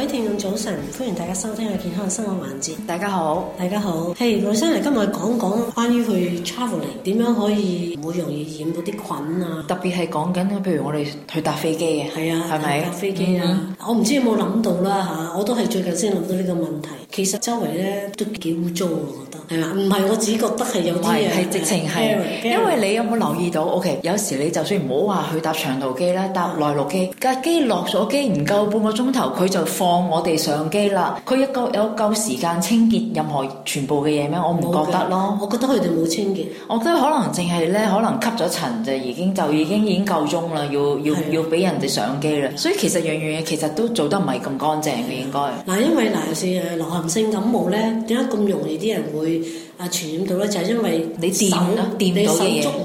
各位聽眾早晨，歡迎大家收聽我哋嘅健康的生活環節。大家好，大家好，係、hey, 老生嚟，今日講講關於去 traveling 點樣可以唔會容易染到啲菌啊？特別係講緊，譬如我哋去搭飛機嘅，係啊，係咪搭飛機、嗯、啊，不有有啊？我唔知有冇諗到啦，我都係最近先諗到呢個問題。其實周圍咧都幾污糟，我覺得係嘛？唔係我只覺得係有啲嘢是。係直情係，yeah, yeah. 因為你有冇留意到？OK，有時你就算唔好話去搭長途機啦，搭內陸機架 Yeah. 機落咗機唔夠半個鐘頭，佢就放我哋上機啦。佢有夠有夠時間清潔任何全部嘅嘢咩？我唔覺得咯。我覺得佢哋冇清潔。我覺得可能淨係咧，可能吸咗塵就已經就已經已經夠鐘啦，要要 Yeah. 要俾人哋上機啦。所以其實樣樣嘢其實都做得唔係咁乾淨嘅，Yeah. 應該嗱、啊，因為嗱，先、啊慢性感冒咧，點解咁容易啲人會？啊！傳染到咧，就係因為手你啊，你手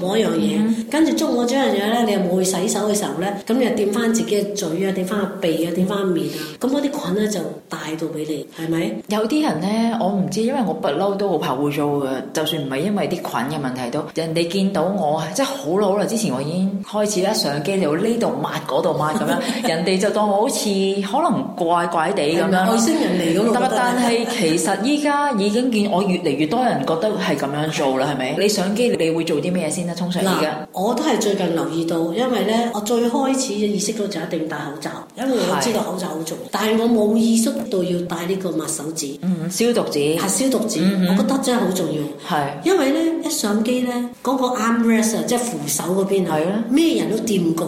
掂到嘢，跟住捉我張嘢咧，你又冇去洗手嘅時候咧，咁又掂翻自己嘅嘴啊，掂翻個鼻啊，掂翻面啊，咁嗰啲菌咧就帶到俾你，係咪？有啲人咧，我唔知，因為我不嬲都好怕污糟嘅，就算唔係因為啲菌嘅問題都，人哋見到我，即係好耐好耐之前，我已經開始咧上機就呢度抹嗰度抹咁樣， 人哋就當我好似可能怪怪地咁樣。外星吧 人嚟咁咯？但係其實依家已經見我越嚟越多人。覺得係咁樣做啦，係咪？你上機你會做啲咩先咧？通常而家我都係最近留意到，因為咧我最開始嘅意識都就一定戴口罩，因為我知道口罩好重要。但係我冇意識到要戴呢個抹手紙。消毒紙係消毒紙。我覺得真係好重要，係。因為咧一上機咧，嗰個 armrest 啊，即係扶手嗰邊係咩人都掂過。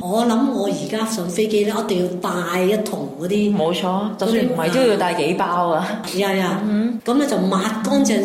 我諗我而家上飛機咧，我一定要帶一桶嗰啲，冇錯，就算唔係都要帶幾包啊。係啊，咁你就抹乾淨先。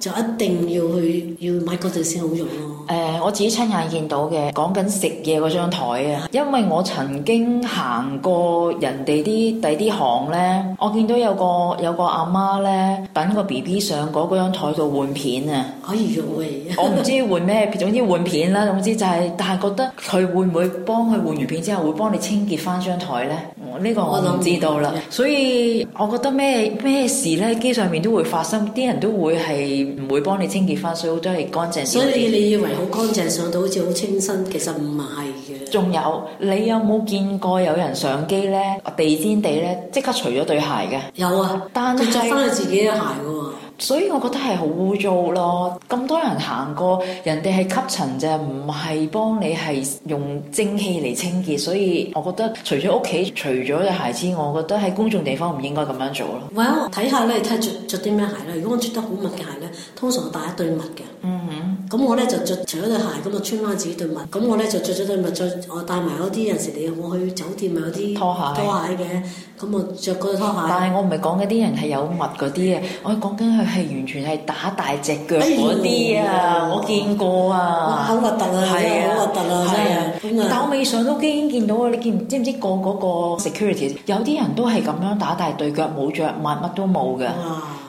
就一定要去要買嗰陣先好用咯、啊。誒、呃，我自己親眼見到嘅，講緊食嘢嗰張台啊，因為我曾經行過人哋啲第啲行咧，我見到有個有個阿媽咧，等個 B B 上嗰張台度換片啊。可以喎，嗯、我唔知換咩，總之換片啦。總之就係、是，但係覺得佢會唔會幫佢換完片之後，會幫你清潔翻張台咧？呢個我都知道啦，所以我覺得咩咩事咧，機上面都會發生，啲人都會係唔會幫你清潔翻，所以都係乾淨。所以你以為好乾淨上到好似好清新，其實唔係嘅。仲有，你有冇見過有人上機咧地氈地咧，即刻除咗對鞋嘅？有啊，但着翻你自己嘅鞋嘅喎。所以我覺得係好污糟咯，咁多人行過，人哋係吸塵啫，唔係幫你係用蒸汽嚟清潔。所以我覺得除，除咗屋企，除咗隻鞋之外，我覺得喺公眾地方唔應該咁樣做咯。Well 睇下咧，睇着著啲咩鞋啦。如果我着得好密嘅鞋咧，通常我帶一對襪嘅。嗯。咁我咧就着除咗對鞋，咁啊穿翻自己對襪。咁我咧就着咗對襪，再我戴埋嗰啲，有時你有冇去酒店啊，啲拖鞋。拖鞋嘅，咁啊着嗰對拖鞋。但係我唔係講緊啲人係有襪嗰啲啊，我講緊佢係完全係打大隻腳嗰啲啊，我見過啊，好核突啊，係啊，好核突啊，係啊。但我未上到機已經見到啊，你見，知唔知個嗰個 security 有啲人都係咁樣打大對腳，冇着襪，乜都冇嘅。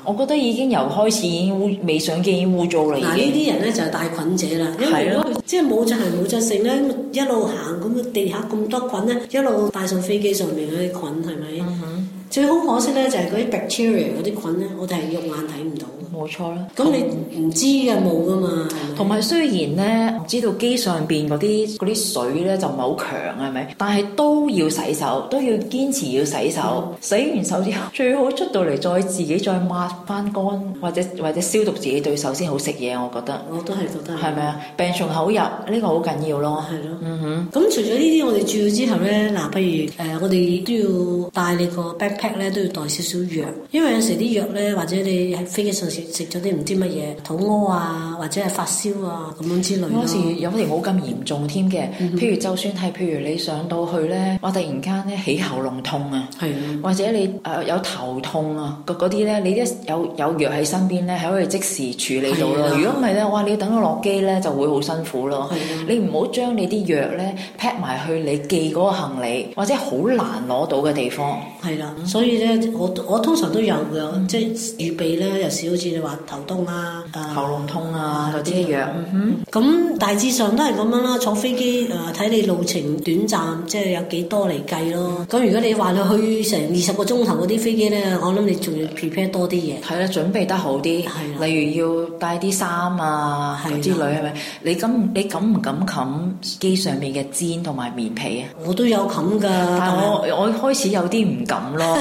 我覺得已經由開始已經污，未上機已經污糟啦。嗱，呢啲人咧就係、是、帶菌者啦，因為如果是的 即係冇盡係冇盡性咧，一路行咁樣，地下咁多菌咧，一路帶上飛機上面嗰啲菌係咪？是最好可惜咧，就係嗰啲 bacteria 嗰啲菌咧，我哋係肉眼睇唔到。冇錯啦。咁你唔知嘅冇㗎嘛，同埋雖然咧唔知道機上邊嗰啲啲水咧就唔係好強啊，係咪？但係都要洗手，都要堅持要洗手，洗完手之後最好出到嚟再自己再抹翻乾，或者或者消毒自己對手先好食嘢，我覺得。我都係覺得。係咪啊？病從口入，呢個好緊要咯，係咯。嗯哼。咁除咗呢啲，我哋住咗之後咧，嗱，不如誒，我哋都要帶你個劈咧都要帶少少藥，因為有時啲藥咧，或者你喺飛機上食食咗啲唔知乜嘢，肚屙啊，或者係發燒啊咁樣之類。有時有時冇咁嚴重添嘅。譬如就算係，譬如你上到去咧，哇！突然間咧起喉嚨痛啊，係或者你誒、呃、有頭痛啊嗰啲咧，你一有有藥喺身邊咧，係可以即時處理到咯。如果唔係咧，哇！你要等到落機咧就會好辛苦咯。係你唔好將你啲藥咧劈埋去你寄嗰個行李，或者好難攞到嘅地方。係啦係。所以咧，我我通常都有嘅，即係預備咧，有時好似你話頭痛啊、喉嚨痛啊嗰啲、啊、藥。咁、嗯嗯、大致上都係咁樣啦。坐飛機誒，睇、呃、你路程短暫，即係有幾多嚟計咯。咁如果你話你去成二十個鐘頭嗰啲飛機咧，我諗你仲要 prepare 多啲嘢。係啦，準備得好啲，的例如要帶啲衫啊嗰啲的類係咪？你敢你敢唔敢冚機上面嘅氈同埋棉被啊？嗯、我都有冚㗎，但我是 我開始有啲唔敢咯。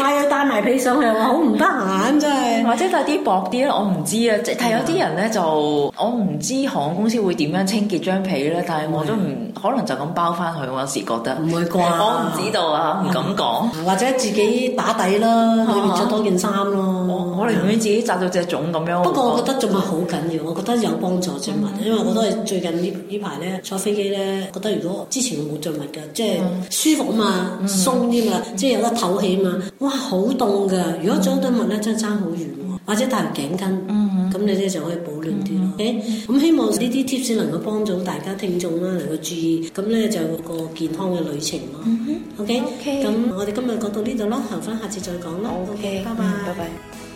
戴啊，戴埋被上去，我好唔得閒真係。或者戴啲薄啲咧，我唔知啊。即係有啲人咧就，我唔知航空公司會點樣清潔張被咧。但係我都唔可能就咁包翻去，我有時覺得。唔會啩？我唔知道啊，唔敢講。或者自己打底啦，裏面着多件衫咯、 嗯。我能寧願自己紮到隻腫咁樣。不過我覺得着襪好緊要，我覺得有幫助着襪，因為我都係最近呢呢排咧坐飛機咧，覺得如果之前冇着襪嘅，即係舒服啊嘛，嗯嗯、鬆啲嘛，即係、嗯、有得透氣啊嘛。哇，好凍噶！如果着對襪咧，真係差好遠喎、啊。或者戴條頸巾，咁、嗯、哼你咧就可以保暖啲咯。OK，咁希望呢啲貼士能夠幫助大家聽眾啦，能夠注意，咁咧就個健康嘅旅程咯。OK，咁我哋今日講到呢度咯，留翻下次再講咯。OK，拜拜。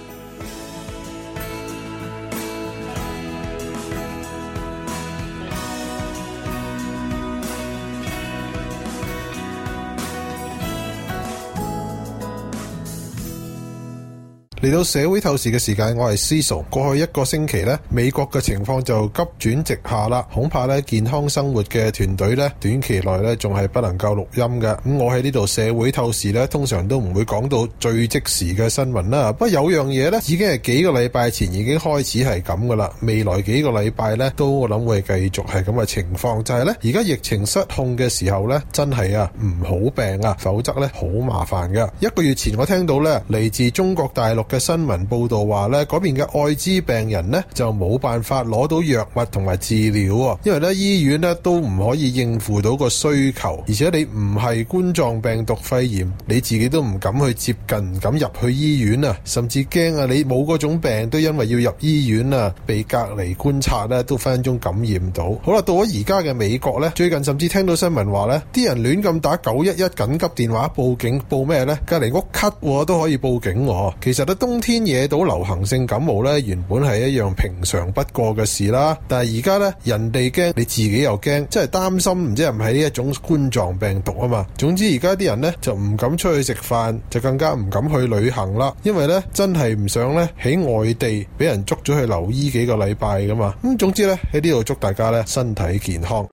嚟到社會透視嘅時間，我係 Cecil。過去一個星期呢，美國嘅情況就急轉直下啦。恐怕呢，健康生活嘅團隊呢，短期內呢，仲係不能夠錄音嘅。咁、嗯、我喺呢度社會透視呢，通常都唔會講到最即時嘅新聞啦。不過有樣嘢呢，已經係幾個禮拜前已經開始係咁噶啦。未來幾個禮拜呢，都我諗會繼續係咁嘅情況。就係、是、呢，而家疫情失控嘅時候呢，真係啊唔好病啊，否則呢好麻煩噶。一個月前我聽到呢，嚟自中國大陸。嘅新聞報道話咧，嗰邊嘅愛滋病人呢就冇辦法攞到藥物同埋治療喎，因為咧醫院咧都唔可以應付到個需求，而且你唔係冠狀病毒肺炎，你自己都唔敢去接近，唔敢入去醫院啊，甚至驚啊，你冇嗰種病都因為要入醫院啊，被隔離觀察咧，都分分鐘感染到。好啦，到咗而家嘅美國呢，最近甚至聽到新聞話呢啲人亂咁打九一一緊急電話報警，報咩呢？隔離屋咳、啊、都可以報警喎、啊，其實咧～冬天惹到流行性感冒咧，原本係一樣平常不過嘅事啦。但係而家咧，人哋驚，你自己又驚，即係擔心唔知係唔係呢一種冠狀病毒啊嘛。總之而家啲人咧就唔敢出去食飯，就更加唔敢去旅行啦。因為咧真係唔想咧喺外地俾人捉咗去留醫幾個禮拜噶嘛。咁總之咧喺呢度祝大家咧身體健康。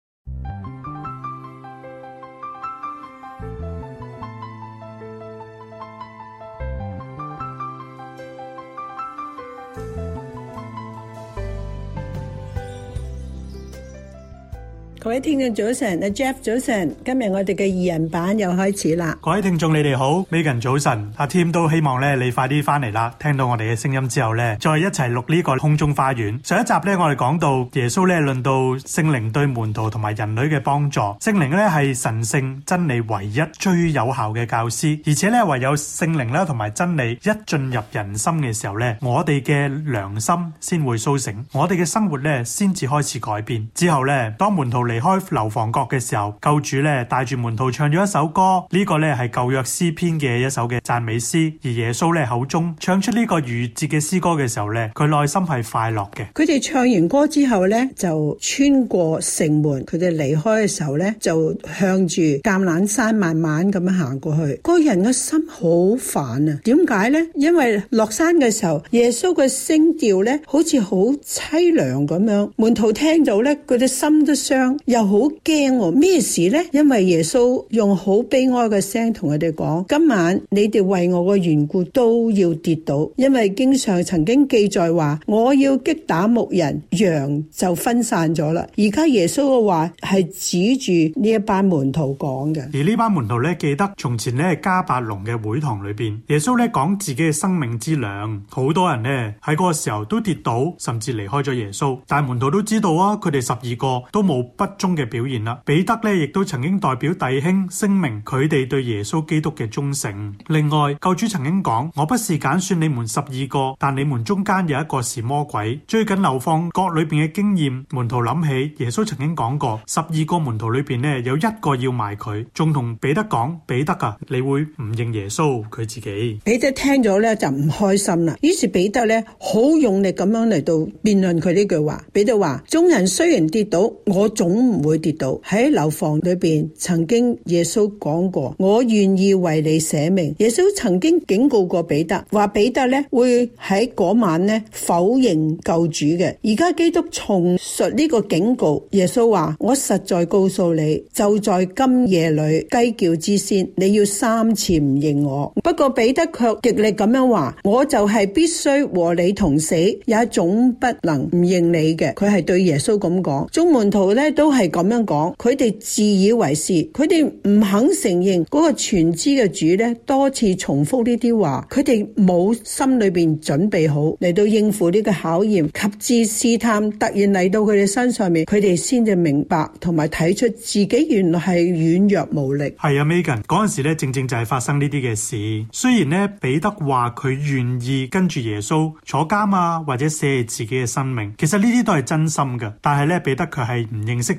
各位聽眾早晨，阿 Jeff 早晨，今日我哋嘅二人版又開始啦。各位聽眾你哋好，Megan 早晨，阿 Tim 都希望咧你快啲翻嚟啦。聽到我哋嘅聲音之後咧，再一齊錄呢個空中花園。上一集咧我哋講到耶穌咧論到聖靈對門徒同埋人類嘅幫助，聖靈咧係神聖真理唯一最有效嘅教師，而且咧唯有聖靈咧同埋真理一進入人心嘅時候咧，我哋嘅良心先會甦醒，我哋嘅生活咧先至開始改變。之後咧當門徒。離開樓房角嘅時候，救主咧帶住門徒唱咗一首歌，這個、呢個咧係舊約詩篇嘅一首嘅讚美詩。而耶穌咧口中唱出呢個逾節嘅詩歌嘅時候咧，佢內心係快樂嘅。佢哋唱完歌之後咧，就穿過城門，佢哋離開嘅時候咧，就向住橄欖山慢慢咁樣行過去。嗰人嘅心好煩啊！點解咧？因為落山嘅時候，耶穌嘅聲調咧好似好淒涼咁樣，門徒聽到咧，佢哋心都傷。又好驚哦！咩事呢？因為耶穌用好悲哀嘅聲同佢哋講：今晚你哋為我嘅緣故都要跌倒。因為經常曾經記載話，我要擊打牧人，羊就分散咗啦。而家耶穌嘅話係指住呢一班門徒講嘅。而呢班門徒咧記得從前咧迦百農嘅會堂裏邊，耶穌咧講自己嘅生命之糧，好多人呢喺嗰個時候都跌倒，甚至離開咗耶穌。但係門徒都知道啊，佢哋十二個都冇不。不忠嘅表現啦，彼得咧亦都曾經代表弟兄聲明佢哋對耶穌基督嘅忠誠。另外，救主曾經講：我不是揀選你們十二個，但你們中間有一個是魔鬼。最近流放國裏邊嘅經驗，門徒諗起耶穌曾經講過：十二個門徒裏邊咧有一個要賣佢，仲同彼得講：彼得啊，你會唔認耶穌佢自己？彼得聽咗咧就唔開心啦，於是彼得咧好用力咁樣嚟到辯論佢呢句話。彼得話：眾人雖然跌倒，我總唔會跌倒喺樓房裏邊。曾經耶穌講過，我願意為你捨命。耶穌曾經警告過彼得，話彼得呢會喺嗰晚呢否認救主嘅。而家基督重述呢個警告，耶穌話：我實在告訴你，就在今夜裏雞叫之先，你要三次唔認我。不過彼得卻極力咁樣話：我就係必須和你同死，也總不能唔認你嘅。佢係對耶穌咁講。眾門徒呢都。都係咁樣講，佢哋自以為是，佢哋唔肯承認嗰個全知嘅主呢，多次重複呢啲話，佢哋冇心裏邊準備好嚟到應付呢個考驗及至試探，突然嚟到佢哋身上面，佢哋先至明白同埋睇出自己原來係軟弱無力。係啊，Megan 嗰陣時咧，正正就係發生呢啲嘅事。雖然呢，彼得話佢願意跟住耶穌坐監啊，或者捨棄自己嘅生命，其實呢啲都係真心嘅，但係咧彼得佢係唔認識。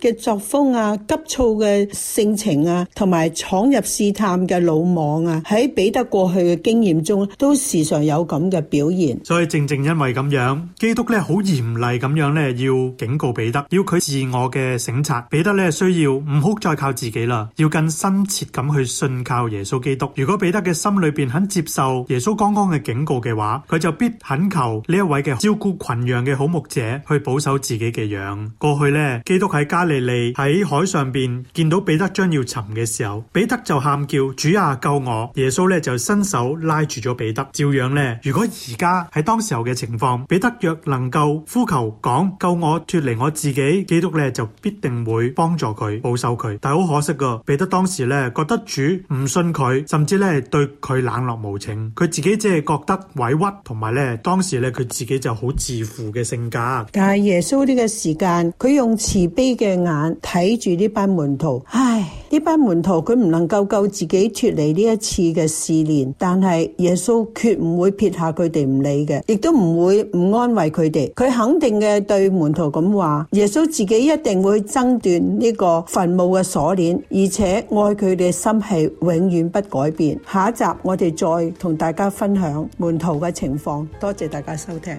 嘅作風啊，急躁嘅性情啊，同埋闖入試探嘅魯莽啊，喺彼得過去嘅經驗中都時常有咁嘅表現。所以正正因為咁樣，基督咧好嚴厲咁樣咧，要警告彼得，要佢自我嘅省察。彼得咧需要唔好再靠自己啦，要更深切咁去信靠耶穌基督。如果彼得嘅心裏邊肯接受耶穌剛剛嘅警告嘅話，佢就必懇求呢一位嘅照顧群羊嘅好牧者去保守自己嘅羊。過去呢，基督係。加利利喺海上邊見到彼得將要沉嘅時候，彼得就喊叫：主啊，救我！耶穌咧就伸手拉住咗彼得。照樣咧，如果而家喺當時候嘅情況，彼得若能夠呼求講救我脫離我自己，基督咧就必定會幫助佢保守佢。但係好可惜噶，彼得當時咧覺得主唔信佢，甚至咧對佢冷落無情。佢自己只係覺得委屈，同埋咧當時咧佢自己就好自負嘅性格。但係耶穌呢個時間，佢用慈悲。嘅眼睇住呢班門徒，唉，呢班門徒佢唔能夠救自己脱離呢一次嘅試煉，但係耶穌絕唔會撇下佢哋唔理嘅，亦都唔會唔安慰佢哋。佢肯定嘅對門徒咁話，耶穌自己一定會掙斷呢個墳墓嘅鎖鏈，而且愛佢哋心係永遠不改變。下一集我哋再同大家分享門徒嘅情況，多謝大家收聽。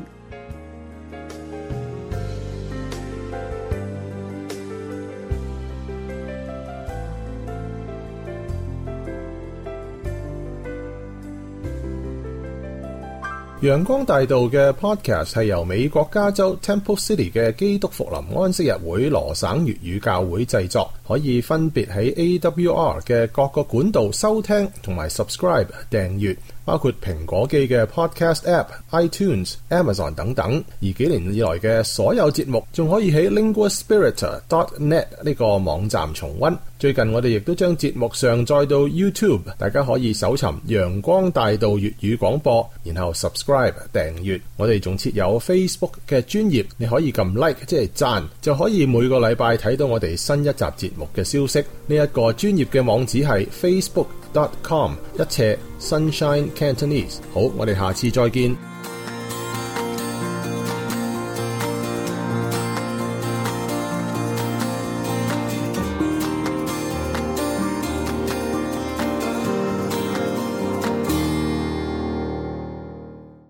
陽光大道嘅 podcast 係由美國加州 Temple City 嘅基督復臨安息日會羅省粵語教會製作，可以分別喺 AWR 嘅各個管道收聽同埋 subscribe 訂閱，包括蘋果機嘅 podcast app、iTunes、Amazon 等等。而幾年以來嘅所有節目仲可以喺 linguaspiritor.net 呢個網站重温。最近我哋亦都將節目上載到 YouTube，大家可以搜尋陽光大道粵語廣播，然後 subscribe 訂閱。我哋仲設有 Facebook 嘅專頁，你可以撳 like 即係讚，就可以每個禮拜睇到我哋新一集節目嘅消息。呢、這、一個專頁嘅網址係 facebook.com 一切 Sunshine Cantonese。好，我哋下次再見。